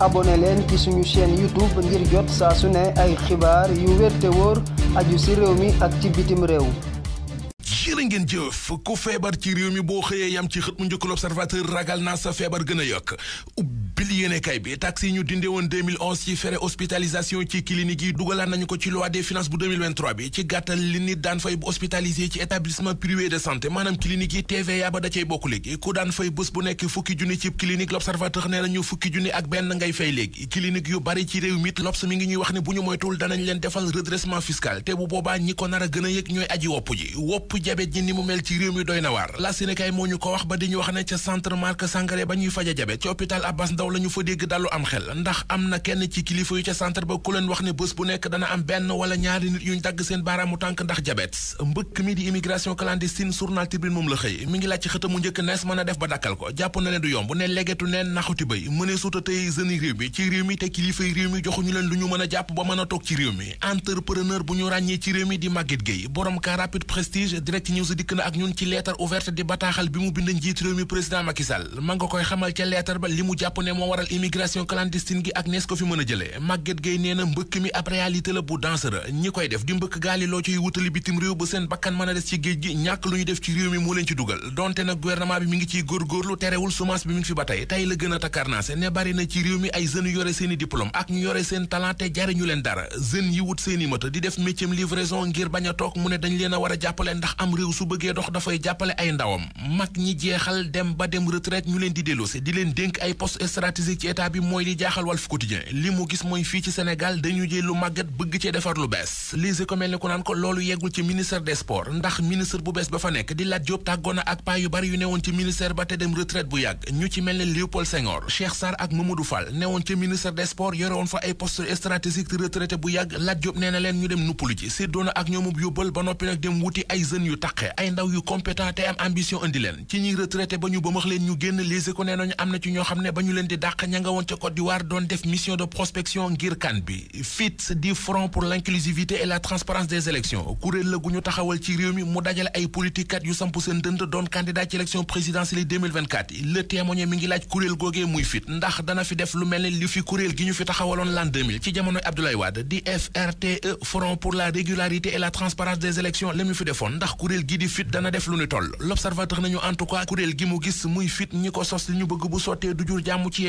abonné leen ci suñu chaîne YouTube ngir jot saa su ne ay xibaar yu wér te wóor aju ci réew mi ak ci bitim réew. jërë ngeen jëf ku feebar ci réew mi boo xëyee yam ci xët mu njëkk l'observateur ragal naa sa feebar gën a yokk. yéenekaay bi taxe yi ñu dinde woon 2011 ci frais hospitalisation ci clinique yi dugalaat nañu ko ci loi des finances bu 2023 bi ci gàttal li nit daan fay bu ci établissement privé de santé maanaam clinique yi TVA ba da cay bokk léegi ku daan fay bés bu nekk fukki junni ci clinique l'observateur nee nañu fukki junni ak benn ngay fay léegi clinique yu bari ci réew mi l'Obs mi ngi ñuy wax ne bu ñu moytul danañ leen defal redressement fiscal te bu boobaa ko a gën a yëg ñooy aji ji ni mu mel ci réew mi doy na waar la moo ñu ko wax ba di ñu wax ne ca centre Marc Sangaré ba ñuy faja jabet ci ñu fa dégg dalu am xel ndax am na kenn ci kilifa yu ca centre ba ku leen wax ne bés bu nekk dana am benn wala ñaari nit yuñ dagg seen baaraamu tànk ndax jabet mbëkk mi di immigration clandestine journal tribune moom la xëy mi ngi laaj ci xëtamu njëkk nees mën a def ba dakkal ko jàpp na leen du yomb ne legetu neen naxuti bay mënee suuta tey jeunes réew mi ci réew mi te kilifa yi mi joxuñu leen lu ñu mën a jàpp ba mën a toog ci réew mi entrepreneur bu ñu ràññee ci réew mi di Maguette Gueye borom car rapide prestige direct news dikk na ak ñun ci waral immigration clandestine gi ak nees ko fi mën a jëlee Maguette Gueye nee na mbëkk mi ab réalité la bu dangereux ñi koy def di mbëkk gaali loo ciy wutali bitim réew ba seen bakkan mën a des ci géej gi ñàkk lu ñu def ci réew mi moo leen ci dugal donte nag gouvernement bi mi ngi ciy góorgóorlu terewul semence bi mi ngi fi ba tey tey la gën a takkarnaase ne bari na ci réew mi ay jeunes yore seen i diplôme ak ñu yore seen talent te jariñu leen dara jeunes yi wut seen i moto di def métier livraison ngir bañ a toog mu ne dañ leen a war a jàppale ndax am réew su bëggee dox dafay jàppale ay ndawam mag jeexal dem ba dem retraite ñu leen di delloosi di leen dénk ay privatiser ci état bi mooy li jaaxal Walf Quotidien li mu gis mooy fii ci Sénégal dañu jël lu màggat bëgg cee defar lu bees lise ko mel ni ko naan ko loolu yeggul ci ministère des sports ndax ministre bu bees ba fa nekk di Lat Diop ak paa yu bari yu newoon ci ministère ba te dem retraite bu yàgg ñu ci mel ne Léopold Senghor Cheikh Sarr ak Mamadou Fall newoon ci ministère des sports yore woon fa ay poste stratégique te bu yàgg Lat Diop dàq ña nga woon ca Côte d'Ivoire doon def mission de prospection ngir kan bi FITS di front pour l'inclusivité et la transparence des élections kuréel la gu ñu taxawal ci réew mi mu dajale ay politikat yu samp seen dënd doon candidat ci élection présidentielle 2024 le témoigné laaj kuréel googee muy FITS ndax dana fi def lu mel li fi kuréel gi ñu fi taxawaloon l'an ci jamonoy Abdoulaye Wade di FRTE front pour la régularité et la transparence des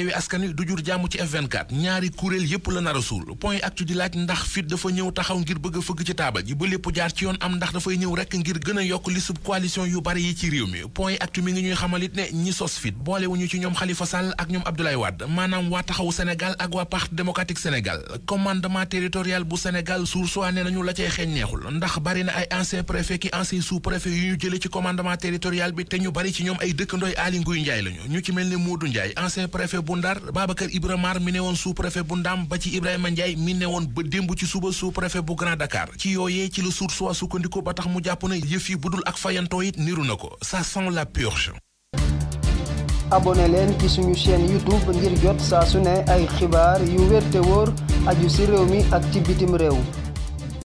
yeewi askan wi du jur jàmm ci F24 ñaari kuréel yépp la nar a suul point actu di laaj ndax fit dafa ñëw taxaw ngir bëgg a fëgg ci taabal ji ba lépp jaar ci yoon am ndax dafay ñëw rek ngir gën a yokk lisub coalition yu bari yi ci réew mi point actu mi ngi ñuy xamalit ne ñi sos fit boole wuñu ci ñoom Khalifa Sall ak ñoom Abdoulaye Wade maanaam waa taxawu Sénégal ak waa Parti démocratique Sénégal commandement territorial bu Sénégal suur ne nañu la cay xeeñ neexul ndax bari na ay ancien préfet ki ancien sous préfet yu ñu jële ci bi te ñu bari ci ñoom ay dëkkandooy Aly Ngouille Ndiaye bu ndar Babacar mi ne woon sous-préfet bu Ndam ba ci Ibrahima Ndiaye mi ne woon ba démb ci suba sous-préfet bu Grand Dakar ci yooyee ci la source waa sukkandiku ba tax mu jàpp na yëf yi bu dul ak fayantoo it niru na ko sa sent la purge. abonné leen ci suñu chaîne youtube ngir jot saa su ne ay xibaar yu wér te wóor aju ci réew mi ak ci bitim réew.